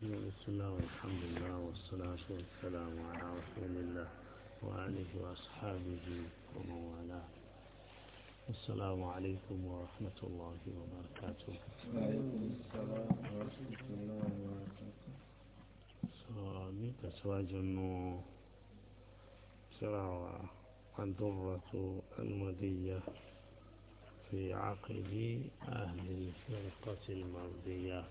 بسم الله والحمد لله والصلاة والسلام على رسول الله وآله وأصحابه ومن والاه السلام عليكم ورحمة الله وبركاته وعليكم السلام ورحمة الله وبركاته تسواج أنه سرع الضرة المدية في عقد أهل الفرقة المرضية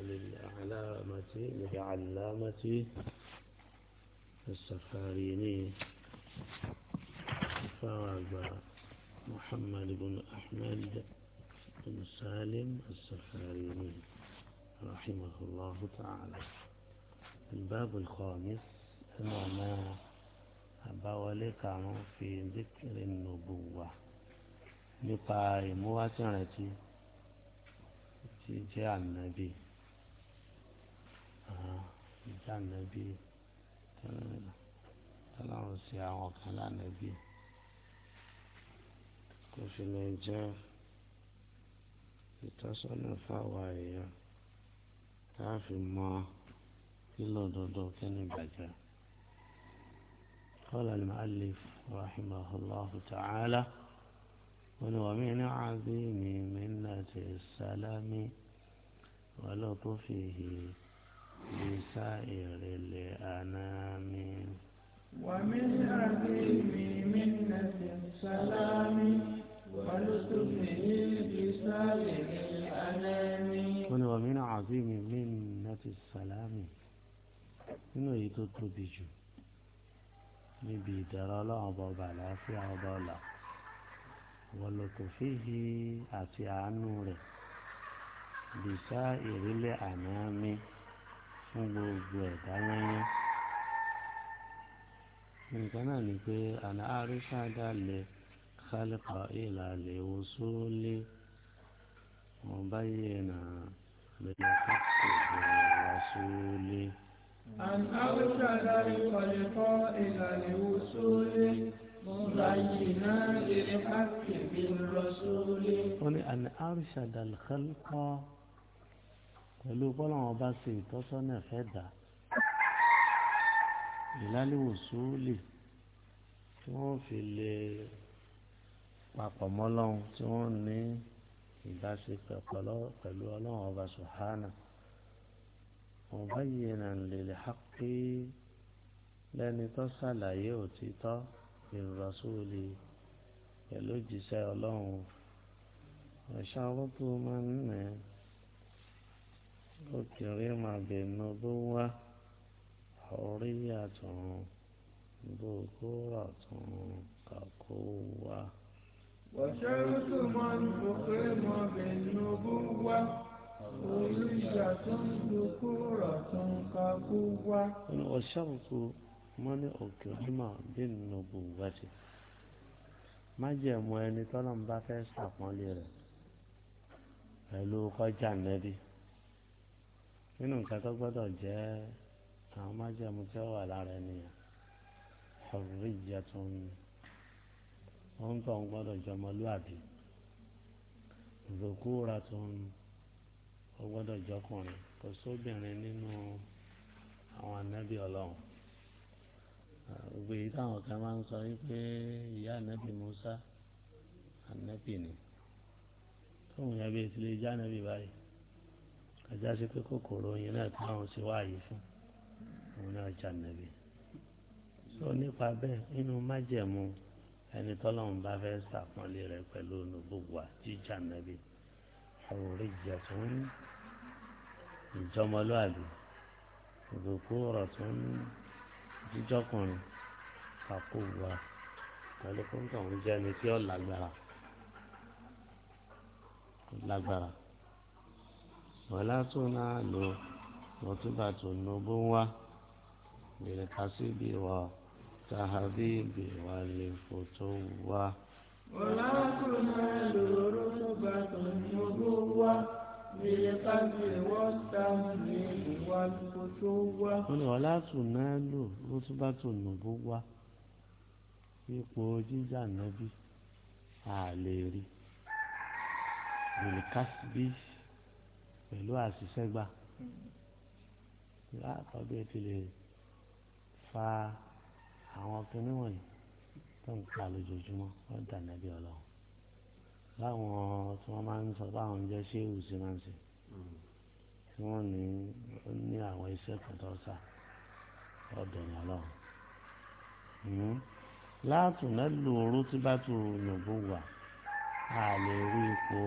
للعلامة لعلامة السفاريني فارب محمد بن أحمد بن سالم السفاريني رحمه الله تعالى الباب الخامس أمام ما كانوا في ذكر النبوة نقايم واتنتي جاء النبي جاء النبي تلعب الساعة وقال النبي وفي النجاح ìtọ́sọ́nà fáwọn èèyàn tá a fi mọ kílódodo قال المؤلف رحمه الله تعالى ومن عظيم منة السلام ولطفه لسائر الأنام ومن عظيم منة السلام ولطفه لسائر الأنام ومن عظيم منة السلام nínú èyí tó tóbi jù níbi ìdára ọlọ́run ọba wọlọtọfíhi àti àánú rẹ̀ bìsá ìrílẹ àná mi fún gbogbo ẹ̀dá yẹnyẹn nǹkan náà ni pé àná àríṣà dálẹ kálíkà ìlàlẹ wosólé wọn báyìí nà lẹyìn fásitì wosólé. àná àríṣà dálẹ kálíkà ìlàlẹ wosólé wọ́n ní àmì arshadal khalqa pẹ̀lú bọ́lọ́wọ́n bá ṣe ìtọ́sọ́nà ẹ̀fẹ́ dà ìlàlíwò sóòlì tí wọ́n fi lè papọ̀ mọ́lọ́run tí wọ́n ní ìbáṣepọ̀ pẹ̀lú ọlọ́run ọba subhana mubayyinan lil haqqi lẹ́ni tó ṣàlàyé òtítọ́ ìrọ̀sùlì pẹ̀lú òjíṣẹ́ ọlọ́run ẹ̀ṣá rútù máa ń nà ó kéré máa bẹ̀nu bó wá orí àtọ̀run bó kó rà tọ̀run kàkó wá. ẹ̀ṣá rútù máa ń nà máa bẹ̀nu bó wá orí àtọ̀run bó kó rà tọ̀run kàkó wá. ọ̀ṣà rútù mọ́ni òkè onímọ̀ bí nùbù wájú májẹ̀mú ẹni tọ́lọ́ ń bá fẹ́ sàpọ́nlé rẹ̀ pẹ̀lú kọjá nẹ́bí nínú nǹkan tó gbọ́dọ̀ jẹ́ àwọn májẹ̀mú tí ó wà lára ènìyàn ọ̀rọ̀ ìjẹ́ tó ń wọ́n tó ń gbọ́dọ̀ jẹ́ ọmọlúwàbí ìdókòwòrà tó ń ó jọkùnrin kò sóbìnrin nínú àwọn anábì ọlọ́run gbogbo èyí táwọn kan máa ń sọ wípé ìyá ànábì Musa ànábì ni tóun yẹn bí etí lè já ànábì báyìí ajá sí pé kòkòrò yẹn náà táwọn sì wá yìí fún òun náà já ànábì sọ nípa bẹ́ẹ̀ nínú májẹ̀mú ẹni tọ́lọ́run bá fẹ́ sàpọ́nlé rẹ̀ pẹ̀lú nùbùwà jíjà ànábì àwòrán ìjà tó ń ìjọmọlúwàbí òdòkú ọ̀rọ̀ tó ń jíjọkùnrin kàkó wa pẹ̀lú kóńtà òun jẹ́ ẹni tí ó lágbára lágbára wọ́lá tó náà lò wọ́n tún bá tó nu bó wá lè ká sí bí wà tàbí bí wà lè fò tó wá. wọ́lá tó náà lò wọ́n tún bá tó nu bó wá wọ́n ní ọ̀la tún náà lò ó tún bá tún nù wá ipò jíjà nàbí àlè rí bìlìkásíbí pẹ̀lú àṣìṣẹ́gbà látọ̀bí ẹ ti lè fa àwọn kinní wọ̀nyí tó ń pa lójoojúmọ́ wọ́n nàbí ọlọ́run báwọn tí wọ́n máa ń sọ báwọn jẹ́ ṣéwù sí máa ń ṣe hmm. tí wọ́n ní ní àwọn iṣẹ́ kan tó sà yẹn lọ. látùn náà oró tí bá tu yòǹbó wà a lè rí ipò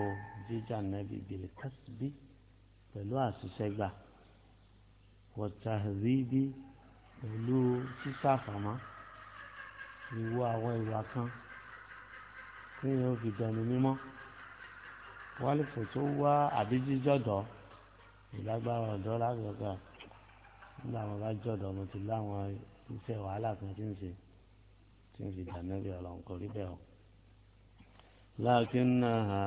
jíjà nẹ́bí bèrè kásìbí pẹ̀lú àṣìṣe gbà wọ́tà rí bí pẹ̀lú sísàfàmọ́ ìwọ àwọn ìwà kan téèyàn ó fi dẹnu mímọ́ wálìfò tó wá àbí ìlágbára ọ̀dọ́ lágbègbè nígbà wọn bá jọ̀dọ̀ mo ti láwọn iṣẹ́ wàhálà kan tí ń ṣe tí ń fi dànù bí ọlọ́run kò rí bẹ́ẹ̀ o. láàkín náà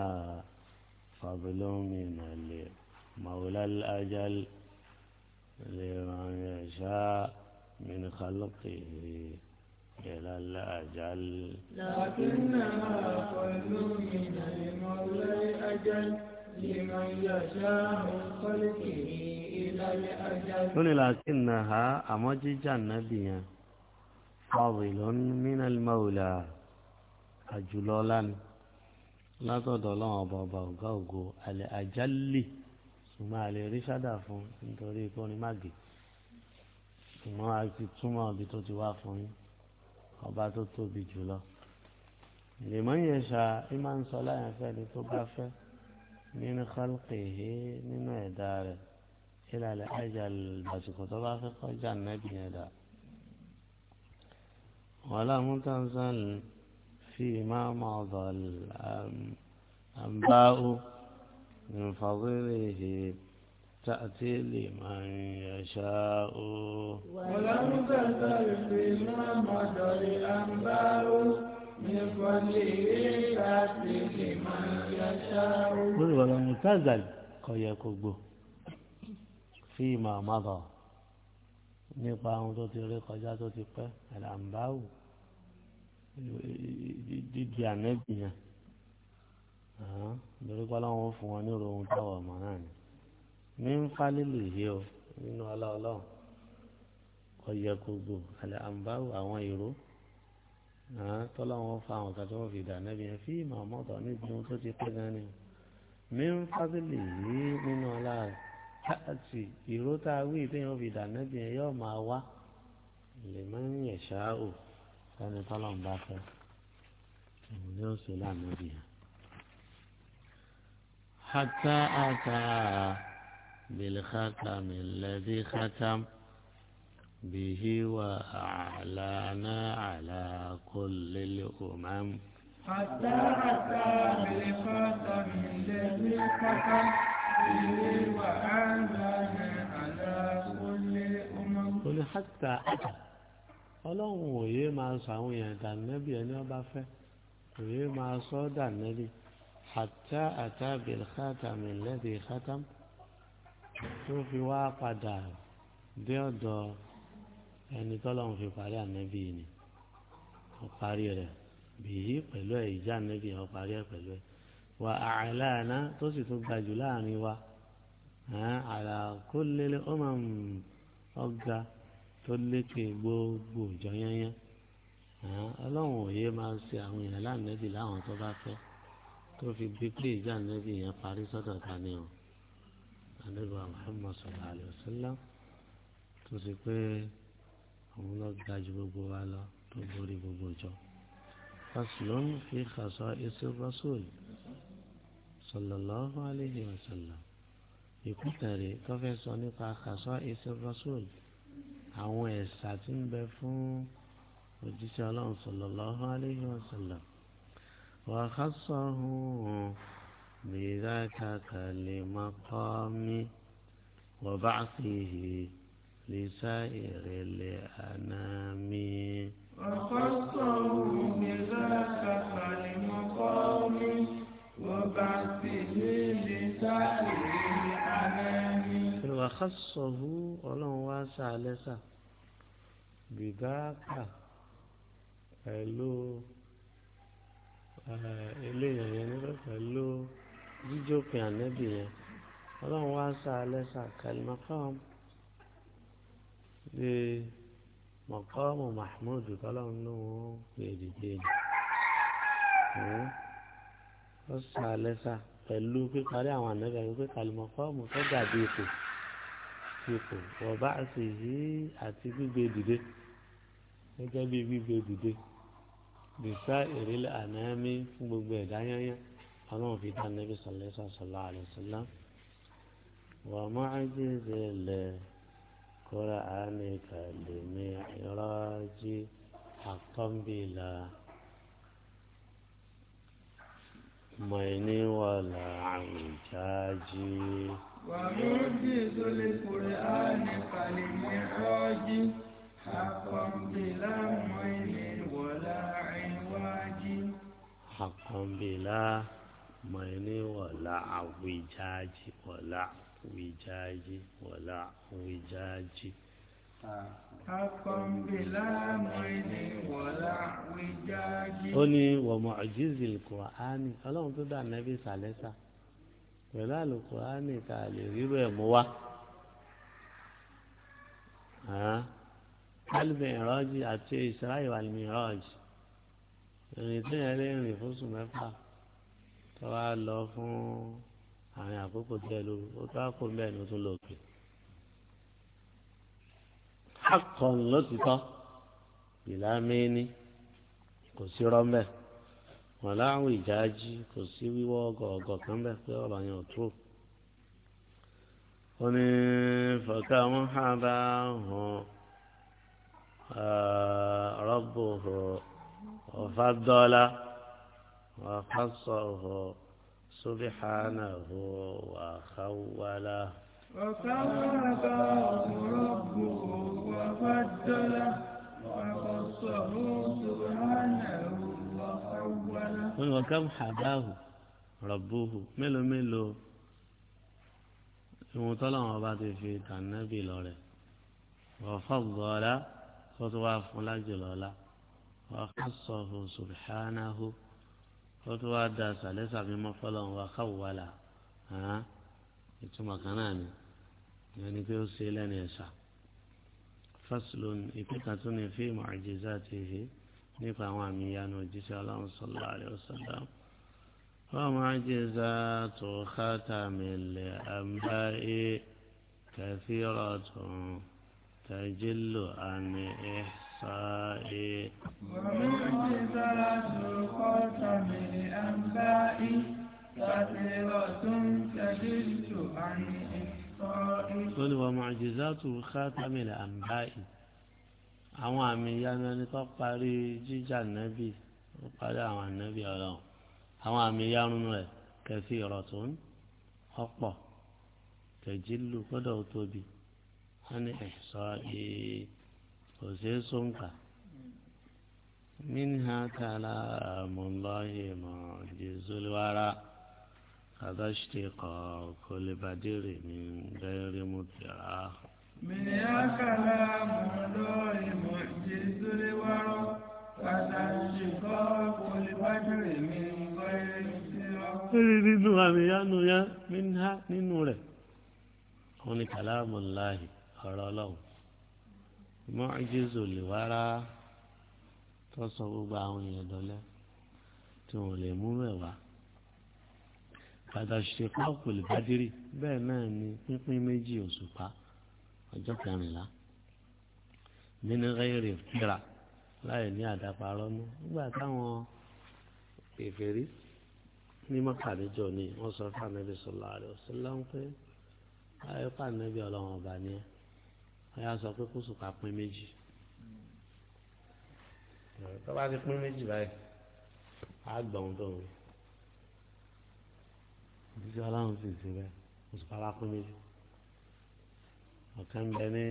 fàbílómi nàlẹ́ màwùlá ajal lè ràn yẹn ṣáá mìnìkálọ́kì rèé. إلى الأجل لكنها قل من المولى الأجل لمن يشاء خلقه إلى الأجل قل لكنها أمجج النبي فاضل من المولى أجلولا لا تدلون بابا وقوقو الأجل أجل ثم على رشادة فون انتوري كوني ماجي ثم على تتسمع بتوتي وافوني ọba tó tóbi jùlọ lèmọ́ yẹn ṣá ẹ máa ń sọ láyàn fẹ́ ni tó bá fẹ́ nínú kálùkèhé nínú ẹ̀dá rẹ̀ ìlàlẹ̀ àjà àsìkò tó bá fẹ́ kọjá nẹ́bí yẹn dà wọ́n láwọn tó ń sàn fi máa mọ̀ ọ̀dọ̀ àmbáwò nìfọ̀wérè yìí. تأتي لمن يشاء ولم تزل فيما مضى أنباء من فضله تأتي لمن يشاء ولم تزل قوي كوبو فيما مضى nípa àwọn tó ti rí kọjá tó ti pẹ́ àlàmbáwò dídí ànẹ́bìyàn lórí pálọ́wọ́n fún wọn nírò ohun táwọn ọmọ náà ni ní nfàlìlì yìí o nínú ọlọ́ọ̀lọ́ ọ̀yẹ̀kùgbò àlẹ́ àǹbáwò àwọn ìró tọ́lá wọn fa àwọn kan tí wọ́n fi dà nẹ́bí yẹn fí màá mọ́tò níbi ohun tó ti pé gan ni ní nfàlìlì yìí nínú ọlá káàtì ìró tá a wí tí wọ́n fi dà nẹ́bí yẹn yóò máa wá lè má ń yẹ̀ ṣáá o sani tọ́lá bá fẹ́ òun ni ó ṣe láàánú bìyàn. حتى أتى بالختم الذي ختم به وأعلانا على كل الأمم حتى أتى بالختم الذي ختم به وأعلانا على كل الأمم قل حتى أتى ọlọ́run òye máa sọ àwọn èèyàn dànẹ́bí ẹni ọba fẹ́ òye máa sọ dànẹ́bí àtà àtà bìlkátàmì lẹ́bìí kátàmì tó fi wá padà dé ọ̀dọ̀ ẹni tọ́lọ́run fi parí ànábì ni ó parí rẹ̀ bìyí pẹ̀lú ẹ̀ ìjà ànábì ó parí ẹ̀ pẹ̀lú ẹ̀ wà àìláàná tó sì tún gbajù láàrin wa àlà kó lélẹ̀ ó máa ń ọ̀gá tó lékè gbogbo ìjọ yányán ọlọ́run òye máa ń ṣe àwọn èèyàn láàrin nábì láwọn tó bá fẹ́ tó fi bí pé ìjà ànábì yẹn parí sọ́dọ̀ ta ni o anábà Muhammad sallallahu alayhi wa sallam tó sì pé àwọn lọ ga ju gbogbo wa lọ tó borí gbogbo jọ. faslun fi khasa'is ar-rasul sallallahu alayhi wa sallam ìkútẹ̀rẹ̀ tó fẹ́ sọ nípa khasa'is ar-rasul àwọn ẹ̀sà tí ń bẹ fún òjíṣẹ́ ọlọ́run sallallahu alayhi wa sallam wa khassahu. بذاك كالمقام وبعثه لسائر الأنام وخصه بذاك كالمقام وبعثه لسائر الأنام وخصه ولن واسع لسا بذاك pẹ̀lú eléyàn yẹn níbẹ̀ pẹ̀lú jíjópin ànábì yẹn ọlọ́run wá sá lẹ́sà kalimakam bí mọ̀kọ́mù mahmud tọ́lọ́run ló ń pè dìde ni ó sá lẹ́sà pẹ̀lú píparí àwọn ànábì yẹn pé kalimakam tó dàbí ipò ipò ọba àti yìí àti gbígbé dìde gẹ́gẹ́ bí gbígbé dìde bìsá ìrìlẹ̀ ànámi fún gbogbo ẹ̀dá yányán ọlọ́run fi dá nẹ́bí sọ̀lẹ́sà sọ̀lá àlẹ́sọ̀lá wà má jíjẹ lẹ̀ kóra àánì kàlẹ́ mi ìrọ́jì àkọ́ńbìlà mọ̀ẹ́ni wà láàrújájì. wà má jíjẹ lẹ̀ kóra àánì kàlẹ́ mi ìrọ́jì àkọ́ńbìlà mọ̀ẹ́ni wà láàrújájì. àkọ́ńbìlà mọ̀ẹ́ni wọ̀lá àwìjáàjì wọ̀lá àwìjáàjì wọ̀lá àwìjáàjì. ó ní wọ̀mọ̀ ọ̀jíìsì kùránì ọlọ́run tó dà nẹ́bí sàlẹ́sà pẹ̀lú àlùkùránì tá a lè rírò ẹ̀ mú wá. Alìmì ìrọ́jì àti Ìsirayì wà ní ìrọ́jì. Ìrìn tí yẹn lè rìn fún sùn mẹ́fà tó wá lọ fún àwọn àkókò tẹ lóru ó tó àkó mẹ́rin ló tún lọ pè. akọni ló ti tọ́ ìlà mẹ́ni kò sí rọ́mẹ́ wọn láwọn ìjájí kò sí wíwọ́ ọgọ̀ọ̀gọ̀ kan bẹ́ẹ̀ pé ọ̀rọ̀ yẹn ò tó ó ní fọ̀ká wọn há bá hàn rọ́bù ọ̀fà dọ́là. وخصه سبحانه وخوله وكرمه ربه وفضله وخصه سبحانه وخوله وكم حباه ربه ملو ملو ìwọ̀n tọ́lọ́wọ́n bá ti fi kànábì lọ rẹ̀ وفضل kó tó wá fún lájọ lọ́la وخصه سبحانه ó tún wáá da sàlẹ́sà mímọ́ fọlọ́run wa káwọ́wálà ìtumọ̀ kan náà ni ìyẹn ni pé ó ṣe lẹ́nu ẹ̀sà faslun ìpínkà ní fíìmù àjẹsà tìhí nípa àwọn àmì ìyanu òjíṣẹ́ ọlọ́run sọlá àlẹ́ ọ̀sọ̀dá wọ́n àjẹsà tó kátàmìlẹ̀ àmbáyé kẹfìrọ̀ tó tẹ̀jìlò àmì ẹ̀sà. mùjìzátù kátámìlì àmbáyì àwọn àmì ìyanu ẹni tó parí jíjà nẹ́bì ó parí àwọn ànẹ́bì ọlọ́run àwọn àmì ìyanu rẹ̀ kẹfì ìrọ̀tún ọ̀pọ̀ tẹ̀jílù kọ́dọ̀ ó tóbi wọ́n ní ẹ̀sọ́ ee kò ṣeé sóńkà mínú ha tààlà àmúlọ́yìn mọ̀ jésù lọ́wọ́rọ́. هذا اشتقاق لبدر من غير مدعى من يا كلام الله معجز الورى هذا اشتقاق لبدر من غير مدعى نínú àmì yánu yá minha nínú rẹ̀ òun ni kàlámù láàyè ọ̀rọ̀ ọlọ́run mọ́jísù lè wá rárá tó sọ gbogbo àwọn èèyàn dọ́lẹ́ tí wọ́n lè mú mẹ́wàá fàtàṣe pákòlì bádìrí bẹ́ẹ̀ náà ni pínpín méjì òṣùpá ọjọ́ kẹrìnlá nínú rẹ́ẹ̀rì kíra láì ní àdáparọ́ mú nígbà táwọn èfèrí ní mọ́kàdéjọ ni wọ́n sọ fún anabi sọlá rẹ̀ ọ̀sẹ̀lá ń pẹ́ ayé pa anabi ọlọ́run ọba ni ẹ́ ọ̀yà sọ pé kó sùpà pín méjì tó ti pín méjì báyìí á gbọ̀n tó ń rí ìdíje ọlọ́run sì ṣe bẹ́ẹ̀ oṣù parakún méjì ọ̀kan ń bẹ ní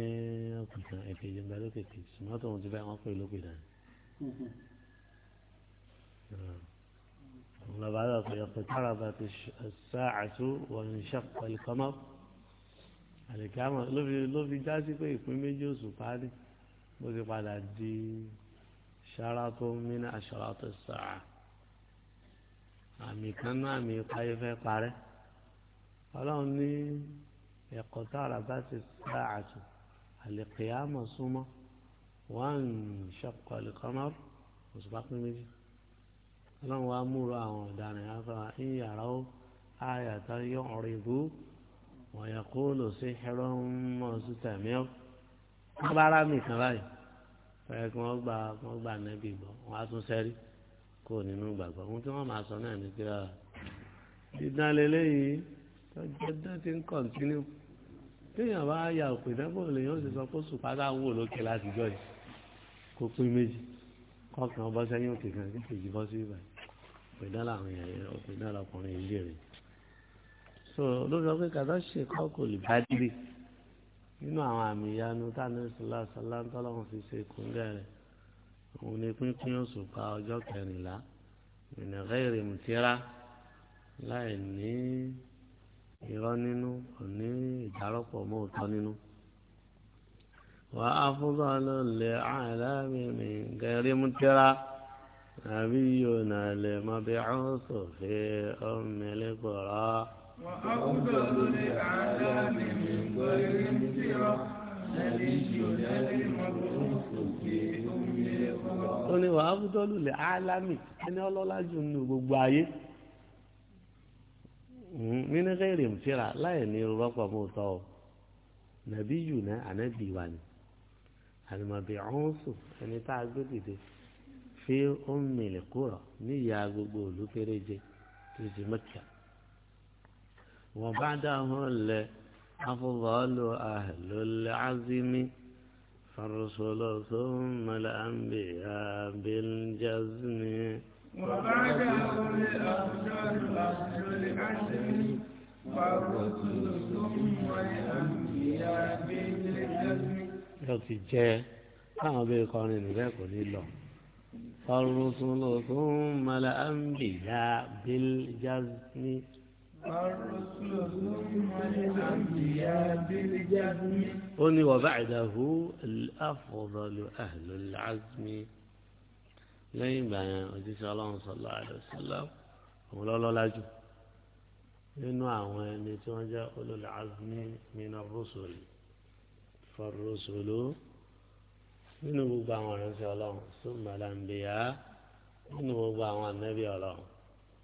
ọkùnkan èkejì ń bẹ lókè kejì ṣùgbọ́n tóun ti bẹ́ẹ̀ wọ́n pè lókè dání. لما بدأت اقتربت الساعة وانشق القمر àlìkámọ ló fi já sí pé ìpín méjì oṣù parí bó ti padà di ṣárató mí ní aṣọ àtọ àmì kan náà àmì ìpayé fẹ́ parẹ́ ọlọ́run ní ẹ̀kọ́ tààrà bá ti sá àtò àlèkèyàmọ̀ súnmọ́ wọ́n ń ṣọ́kọ̀ àlèkọ́nọ́ òṣùpá pín méjì ọlọ́run wa múra àwọn ọ̀daràn afọ ìyàrá ó àyàtọ̀ yọ ọ̀rọ̀ ìbú wọ́n yẹ kó lò sí ẹ̀rọ mọ́ sí tẹ̀mí ọ́ wọ́n bá rà kan báyìí fẹ́ kí wọ́n gbà nẹ́bí gbọ́ wọ́n á tún sẹ́rí kó nínú gbàgbọ́ ohun tí wọ́n máa sọ náà ní pé ah, dídán lélẹ́yìí tọ́jú ẹ̀dán ti ń kọ̀ntínú téèyàn bá ya òpè dẹ́gbọ̀n lèèyàn sì sọ pé sùpá táwọn olókè láti jọ yìí kó pín méjì kọkàn bọ́ sẹ́yìn òkè kan kéèjì bọ́ sí ibà òpè dán làwọn èèyàn òpè dán lọkùnrin ilé rẹ̀ so olórí ọkọ kàtà ṣe kọ́kọ́ lè bá dìde nínú àwọn àmì ìyanu tánú ìsúlá sọlá ń tọ́lọ́run òun ni pínpín òṣùpá ọjọ́ kẹrìnlá ìnàkẹ́ ìrèmùtírà láì ní irọ́ nínú òní ìdárọ́pọ̀ mọ́ òótọ́ nínú. wà á fúnbà ló lè àìláàmì mi kẹrìmùtírà àbí yóò nà lè mọ bí àwọn sòfin ọmọlẹ́kọ̀ọ́. wà á fúnbà ló lè àìláàmì mi kẹrìmùtírà àbí yóò nà lè mọ ó ní wàá abudulu lè álámì ẹni ọlọ́lá jù nínú gbogbo ayé mínísẹ́ hmm, ìrìnsíra láì ní rọ́pò mú tọ́ ọ nàbí yù náà ànábì wà ní àlùmọ̀bì ọ̀húnṣù ẹni tá a gbé dìde fi omi kúrọ̀ níyà gbogbo òlú péréje mẹ́kà wọ́n bá dáhùn lẹ afọ́bọ́ọ́lù àhẹ́lólẹ́ ázímí. الرسل ثم الأنبياء بالجزم وبعدهم الأفضل أصل العزم والرسل ثم الأنبياء بالجزم yóò ti jẹ́ káwọn obìnrin kọrin níbẹ̀ ثم الأنبياء بالجزم ó ní wà báyìí afdalu ahlul azmi lẹ́yìn ìgbà yẹn òjíṣẹ́ ọlọ́run sallallahu alaihi wasallam òun lọ́lọ́lá jù nínú àwọn ẹni tí wọ́n jẹ́ ulul azmi minar rusuli farrusulu nínú gbogbo àwọn ìránṣẹ́ ọlọ́run summal nínú gbogbo àwọn ànábì ọlọ́run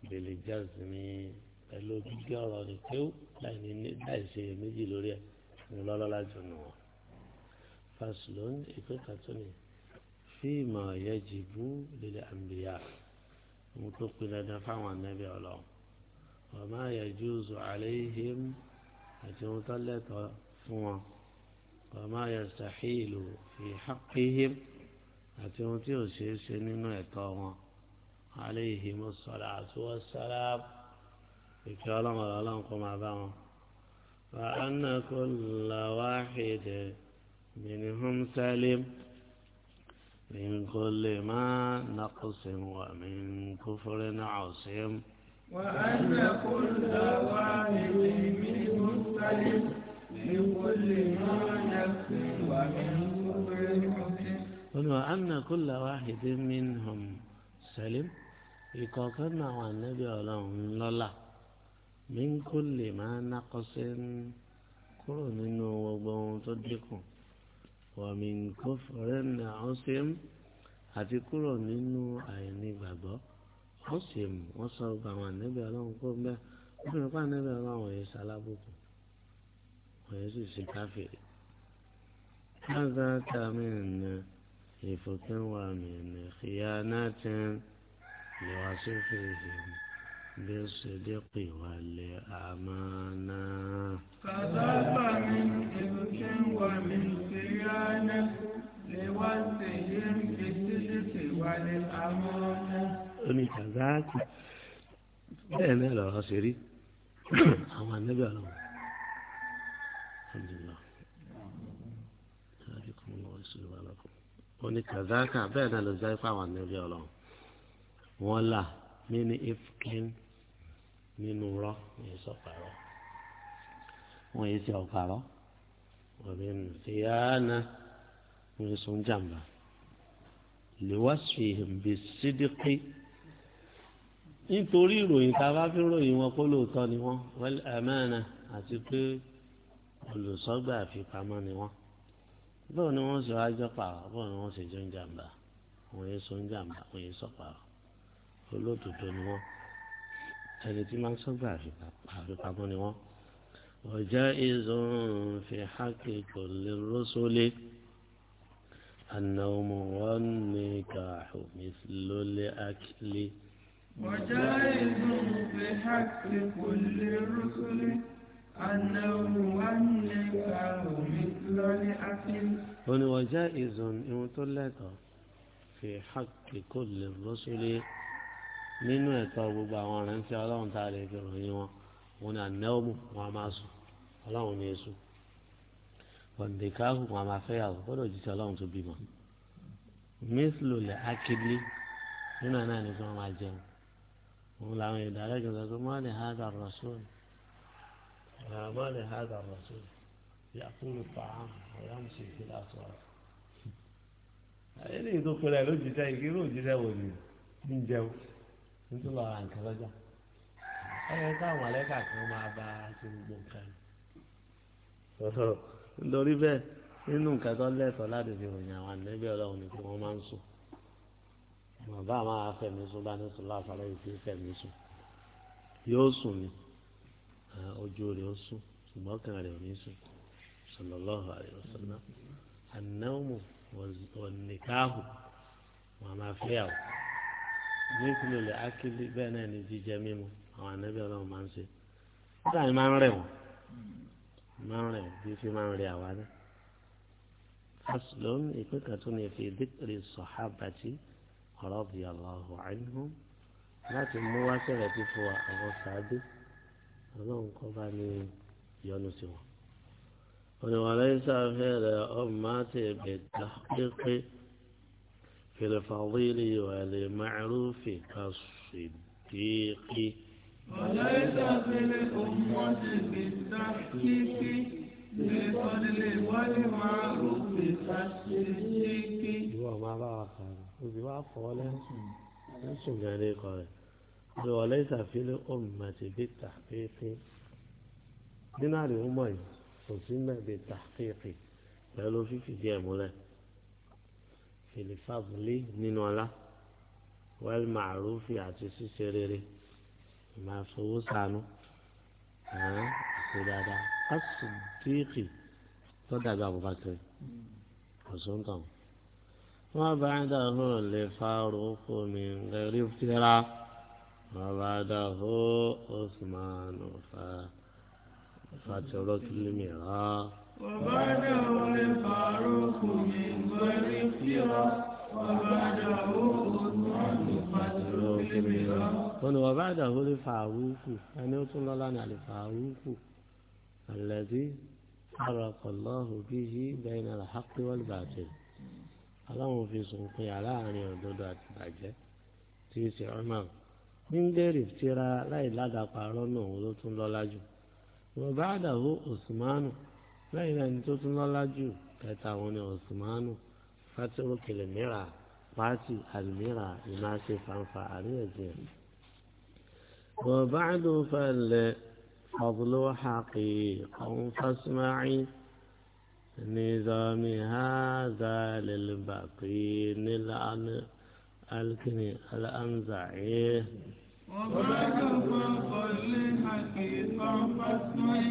bil jazmi pẹ̀lú gbígbé ọ̀rọ̀ rẹ̀ pé ó láì ṣe méjì lórí ẹ̀ ní lọ́lọ́lá jù nù wọ́n. fasilon ìpín kàtúnì fíìmù ọ̀yẹ́ jìbú lílẹ̀ àmbìyà ohun tó pin dandan fáwọn anábì ọlọ́run ọ̀má yẹjú zọ àlẹ́ ìhìm àti ohun tó lẹ́tọ̀ọ́ fún wọn ọ̀má yẹ sàhíìlù fi hàpìhìm àti ohun tí ò ṣeé ṣe nínú ẹ̀tọ́ wọn àlẹ́ ìhìm sọ̀rọ̀ àti wọ́n sáláàbù. كلام الألام قم أبعه وأن كل واحد منهم سليم من كل ما نقص ومن كفر عصيم وأن كل واحد منهم سليم من كل ما نقص ومن كفر عصيم قل وأن كل واحد منهم سليم يقاتلنا عن النبي عليه الصلاة والسلام من كل ما نقص كل منه وبون تدقون ومن كفر عصم àti kúrò nínú àìní gbàgbọ́ wọ́n sì wọ́n sọ gba àwọn ànẹ́bẹ̀ ọlọ́run kó mbẹ́ wọ́n fi pa ànẹ́bẹ̀ ọlọ́run ọ̀yẹ́ sálábùkù ọ̀yẹ́ sì ṣe káfíìrì. káàdà kàmí ẹ̀nà ìfòkínwá mi ẹ̀nà ìyá náà ti بالصدق والأمانة فذاب من إفك ومن صيانة لوصيهم بالصدق والأمانة oníkàzáàkì bẹ́ẹ̀ náà lọ́rọ̀ ṣe rí àwọn ànábì ọlọ́run alhamdulilah ṣáàbí kún lọ́wọ́ ìṣòro wa lọ́kùn oníkàzáàkà bẹ́ẹ̀ náà lọ́rọ̀ ṣe rí fún àwọn ànábì ọlọ́run wọ́n là mí ní ifkin nínú rọ èyí sọ̀pàrọ̀ wọn èyí ti ọ̀pàrọ̀ ọ̀bẹ nìyáná wọn èyí sọ ń jàǹbá lèwọ́sìfìhìn sídìkì nítorí ìròyìn tá a bá fi ròyìn wọn kó lóòótọ́ ni wọ́n wẹ́lẹ́ àmánà àti pé olùsọ́gbà àfipamọ́ ni wọ́n bọ́ọ̀ ni wọ́n ṣe wájọ́ pààrọ̀ bọ́ọ̀ ni wọ́n ṣe jọ ń jàǹbá wọ́n yé sọ ń jàǹbá wọ́n yé olódodo ni wọ́n. هذه ما صدعتك حافظ عطوني و وجائز في حق كل الرسل النوم والنكاح مثل لأكل وجائز في حق كل الرسل النوم والنكاح مثل لأكل هنا وجائز يمتلك في حق كل الرسل nínú ẹ̀tọ́ gbogbo àwọn ọ̀rẹ́nsẹ́ ọlọ́run tá a lè fi ròyìn wọn wọn ni ànẹ́wọ̀mù wọn a máa sùn ọlọ́run ní èso ọ̀ǹdẹ̀káhù wọn a máa fẹ́yàwó gbọ́dọ̀ jíṣẹ́ ọlọ́run tó bímọ. mísìlùlẹ̀ akíndé nínú àná ni kí wọ́n máa jẹun òun làwọn ìdàrẹ́ kan sọ pé má lè hádà rọ̀ṣọ́ọ̀lù má lè hádà rọ̀ṣọ́ọ̀lù yàtúrù pààmù ọ̀yà mùsùlùmí lásọ̀ ẹni tó pẹlẹ lójijì ìgbéró òjijì wò ni ń jẹun. nítorí nke lọja nǹkan lọ́jà ẹ̀yẹ ka àlẹ́kà kan máa bá ti gbogbo nǹkan ni. lórí bẹ́ẹ̀ nínú nǹkan tó lẹ́tọ̀ọ́ láti fi ròyìn àwọn ànábì ọlọ́run ni pé wọ́n máa yóò sùn ni ojú ó sùn ṣùgbọ́n kan ò ní sùn nítorí olè akílí bẹ́ẹ̀ náà ní jíjẹ mímu àwọn ànábì ọlọ́run máa ń ṣe nígbà yẹn máa ń rẹ̀ wọ́n máa ń rẹ̀ bí fi máa ń rẹ̀ àwa náà. aslun ìpín kan tó ní fi dìkìrì sọ̀hábàtì radiyallahu anhum láti mú wá sẹ̀rẹ̀ tí fún wa àwọn sàádé ọlọ́run kọ́ bá ní ìyọnu sí wọn. òníwàlẹ́ sáfẹ́ rẹ̀ ọ̀ في الفضيل والمعروف كالصديق وليس في الأمة بالتحقيق بالفضل والمعروف كالصديق وما لا آخر وفي بعض قوله نفسه يعني قال وليس في الأمة بالتحقيق من الأمة تصنع بالتحقيق قالوا في في جامله fìlìfàbùlì nínú ọlá wẹ́l màrúfì àti ṣíṣe rere máa fowó sànú ẹ̀ẹ́n àti dáadáa asùdíkì tó dàbí àbúkàkiri ọ̀sùn tán. wọ́n bá ń dàhó lè fárúkú mi gẹ̀rí fira wọ́n bá dàhó osmanu fa fàtúrọ́kìlì mìíràn. وبعده الفاروق من غير افتراء وبعده عثمان قدر كبيرا قل وبعده الفاروق يعني وصلنا لنا الفاروق الذي فرق الله به بين الحق والباطل ọlọ́run fi sùn pé aláàárín òdodo àti bàjẹ́ tí í ṣe ọmọ nígbèrè tíra láì ládàá parọ́ náà ló tún lọ́lá jù wọ́n bá dàwó Usmanu lẹ́yìn náà ní tó tún lọ́lá jù kẹta àwọn ni osmanu fatihu kìlìmíra pàtì àlìmíra ìmáṣe fanfa àríyànjiyàn. وبعد فل فضل حقيق فاسمعي نظام هذا للبقين الأن الكني الأنزعي وبعد فضل حقيق فاسمعي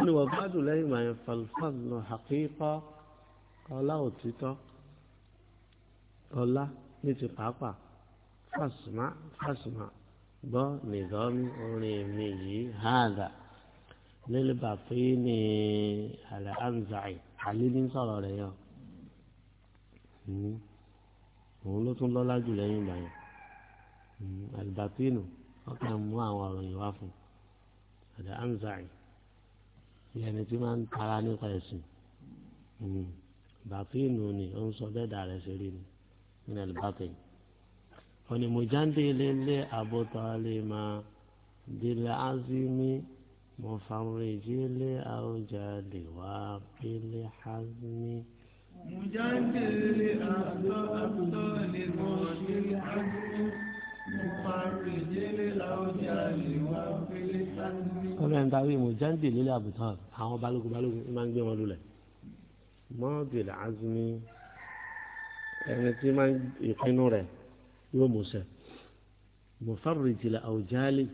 Olùwà gbádùn lẹ́yìn máa ń falfàlù àkíkọ́ ọlá òtítọ́ ọlá ní ti pàápàá fásùmá fásùmá gbọ́ nìdọ́mí orin mi yìí hàdà lẹ́lẹ́bà pé ní àlẹ́ àmzàì àlẹ́ ní sọ̀rọ̀ rẹ̀ yọ. Hmm. Òun ló tún lọ́lá jù lẹ́yìn ìgbà yẹn. Mm, Albatinu, wọn kàn mú àwọn ọ̀rọ̀ yìí wá fún àdá anzai bí ẹni tí máa ń tara nípa ẹ̀sìn mm, batinu ni ó ń sọ bẹ́ẹ̀ dà rẹ̀ ṣe rí ni nínú alibatin òní mujande lele abotalema dila azimi mufarrijile awjali wa pili hazmi. مجدد أبطال موت العزم ọlọ́run darí mọ̀jáǹdì lílẹ̀ àbùtàn àwọn balógun balógun máa ń gbé wọn lulẹ̀ mọ́ọ̀dìlẹ̀ azumi ẹni tí máa ń ìpinnu rẹ̀ yóò mú ṣẹ mọ̀fárìjìlẹ̀ àwùjálì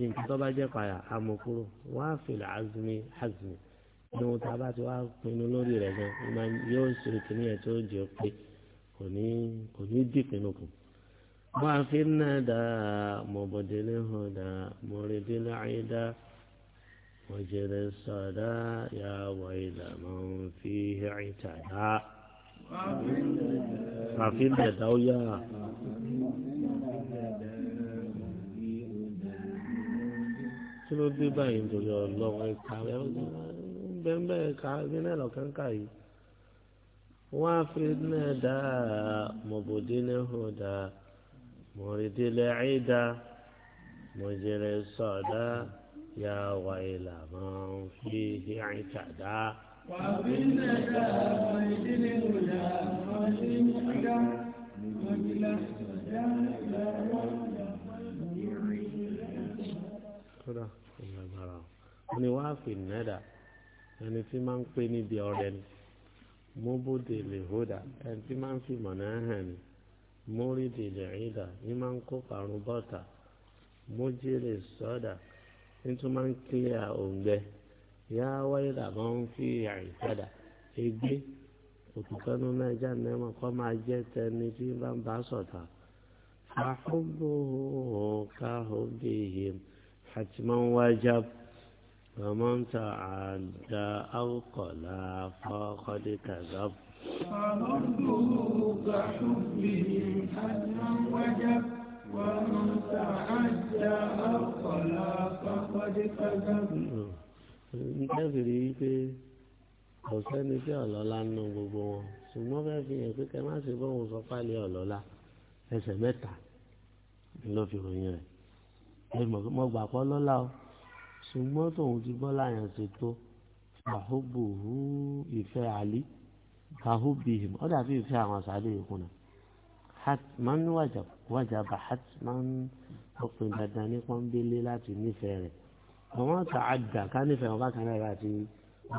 nǹkan tó bá jẹ́ pààyà amọ̀kúrò wàá fìlẹ̀ azumi azumi ní wọn tá a bá ti wá pinnu lórí rẹ̀ gan yóò ṣe kìnìyàn tó jẹ́ pé kò ní dìpinnu kù. ما في الندى مبدي الهدى مريد العيدى وجد الصدى يا ويل من فيه عتدى ما في الندى ويا شنو دي باين تقول الله بين بين كابين لو كان كاي وافي الندى مبدي الهدى مريد العيدة مجري الصدى يا ويل من فيه اعتدى وإنك مريد الهدى مريد الهدى مجري الصدى يا ويل من ni wàá fi nẹ́dà ẹni tí máa ń pè níbi ọ̀rẹ́ ni mo bóde lè hódà ẹni tí máa ń fi mọ̀nà hàn ni múrídì lẹ́ẹ̀dà ní máa ń kó parun bọ́ta mújírè sọ́dà nítorí máa ń kílẹ̀ òǹgbẹ yá wáyédà máa ń fi àìsàdà egbé òtútọ́nú náà já nẹ́mọ̀ kọ́ máa jẹ́ tẹni tí bá ń bá sọ̀tà fàáhùbù káhùbìhìm hàtìmọ́ wájà àmọ́ ń ta àdá àwòkọ̀lá fọ́kọ́dé kàzáfù. فرده كحبهم حتما وجب ومن تعدى الطلاق فقد كذب nítorí rí i pé ọ̀sẹ́ni tí ọ̀lọ́lá ń nu gbogbo wọn ṣùgbọ́n fẹ́ fi hàn pé kẹ́ má ṣe bọ́ọ̀hún sọ pálí ọ̀lọ́lá ẹsẹ̀ mẹ́ta ni ló fi ròyìn rẹ̀ ẹ mọ̀ gbà pọ́ lọ́la o ṣùgbọ́n tòun ti bọ́lá yẹn ṣètò àhóbòhú ìfẹ́ àlí kàhú bihim ó dàbí ìfẹ́ àwọn sàádé yìí kùnà hatman wàjà wàjà bá hatman ọkùnrin dandan ní pọ́nbélé láti nífẹ̀ẹ́ rẹ̀ wọ́n ta àdà ká nífẹ̀ẹ́ wọn bákan náà láti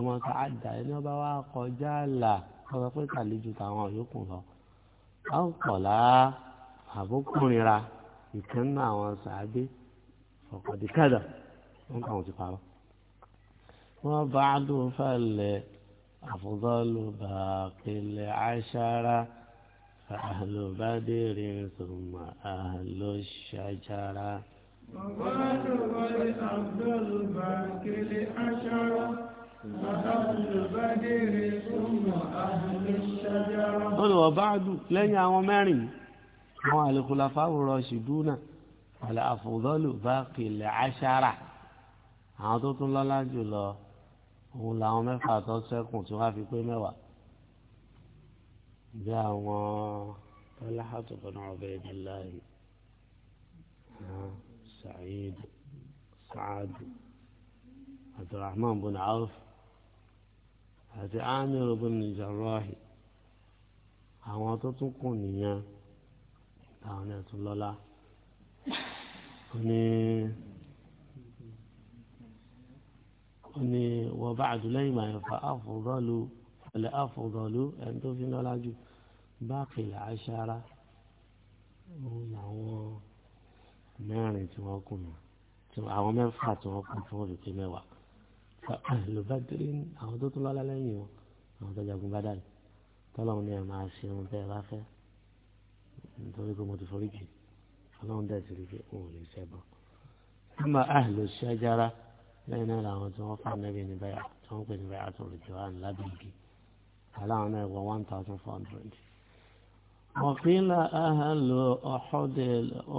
wọ́n ta àdà ẹni ọba wa kọjá là ọba pé kàlejò táwọn yòókù lọ àwọn kọ̀lá àbókùnrinra ìkan náà àwọn sàádé ọ̀kọ̀dìkadà wọn kà ti parọ́ wọn bá a dùn fẹ́ẹ́ lẹ́ẹ̀. أفضل باقي العشرة فأهل بدر ثم أهل الشجرة وقال أفضل باقي العشرة olùwọ̀ bá dùn lẹ́yìn àwọn mẹ́rin àwọn àlùkùlàfà wòrọ̀ ṣìdúnà àlàfòdọ́lù bá kìlẹ̀ àṣàrà àwọn tó tún lọ́lá jùlọ òun làwọn mẹ́fà tó sẹ́kùn tí wọ́n á fi pé mẹ́wàá bí àwọn ọlọ́hàtò bọ́nà ọ̀bẹ ìdíláyè sàyid sàad abdulrahman bin auf àti amir bin jarrahi àwọn tó tún kù nìyẹn táwọn ẹ̀ tún lọ́la ni wọ́n bá àdúlẹ́yìn máa yẹn fa àfọ̀rọ́lù ẹ̀lẹ́ àfọ̀rọ́lù ẹni tó fi lọ́la jù báàkìlà aṣara òun làwọn mẹ́rin tí wọ́n kù nù àwọn mẹ́fà tí wọ́n kù fún olùkí mẹ́wàá ló bá dé àwọn tó tún lọ́la lẹ́yìn wọn àwọn tó jagun bá dàrí tọ́lọ́run ni ẹ máa ṣe ohun tẹ́ ẹ bá fẹ́ nítorí pé mo ti forí ọlọ́run dẹ̀ sí rí pé òun ò lè ṣẹ́ bọ́ lẹ́yìn náà làwọn tí wọ́n fà nẹ́bí ní bẹ́yà tí wọ́n pè ní bẹ́yà tó lè jọ lábẹ́ igi aláwọn náà wọ one thousand four hundred. وقيل أهل أحد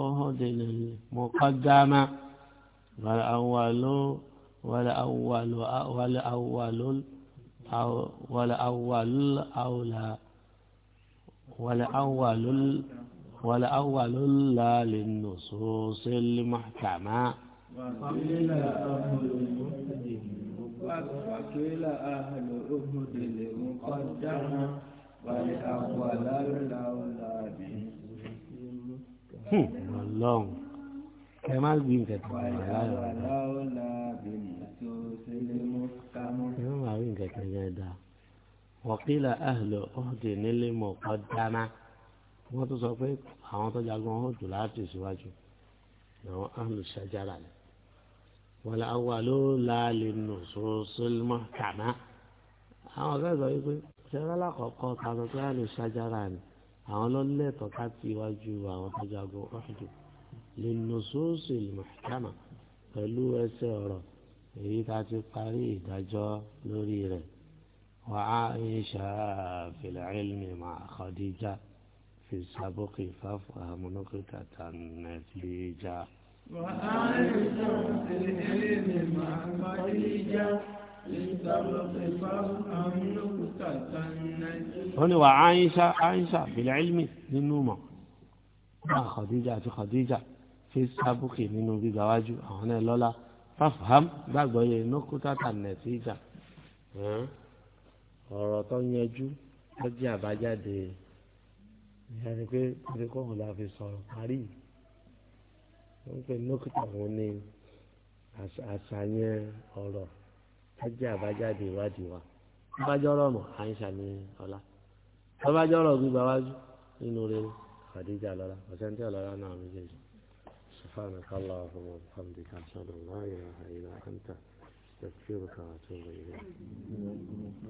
أحد المقدمة والأول والأول والأول والأول الأولى والأول والأول لا للنصوص المحكمة وقيل أهل وقيل أهل أهد لمقدمة ولأول الأولاد الله كما بنت ولولا بالنصوص المحكم كما بنت كذا وقيل أهل أهد للمقدمة wọ́n tún sọ pé àwọn tó jagun ọ̀hún jù láti síwájú àwọn ahùn ṣàjára ni wàlẹ̀ awàlú làálẹ̀ nùsùsùlmọ̀ kàmá. àwọn ọ̀gá ìgbà wípé ṣẹlẹ̀ lákọ̀ọ́kọ́ kàtó tó yà ní ṣájára ni àwọn lọ́lẹ́tọ̀ ká ti iwájú àwọn ọjàgùn ọ̀hìndù lè nùsùsùlmọ̀ kàmá pẹ̀lú ẹsẹ̀ ọ̀rọ̀ èyí tá a ti parí ìdájọ́ lórí rẹ̀ wà á ìṣà mà Khadija fi sàbókè fáfọ àmúnókè nàìjíríà wọ́n ní wà áyíṣà áyíṣà bìlẹ̀ ilmi nínú mọ̀ náà Khadija àti Khadija fi sábùkì nínú gbígbà wájú àwọn náà lọ́la fáfàm gbàgbọ́ yẹ nókútà tànẹ̀ sí ìjà ọ̀rọ̀ tó yanjú lọ́jọ́ àbájáde ìyá ni pé kókó òun la fi sọ̀rọ̀ parí yìí wọ́n ń pè nókítà wọn ní àṣàyàn ọ̀rọ̀ ajé àbájáde ìwádìí wa tó bá jọ́rọ̀ mọ̀ à ń ṣàní ọ̀la tó bá jọ́rọ̀ gbígbà wájú nínú rere àdíjà lọ́la ọ̀sẹ̀ntì ọ̀lọ́la náà méjèèjì سبحانك اللهم وبحمدك أشهد أن لا إله إلا أنت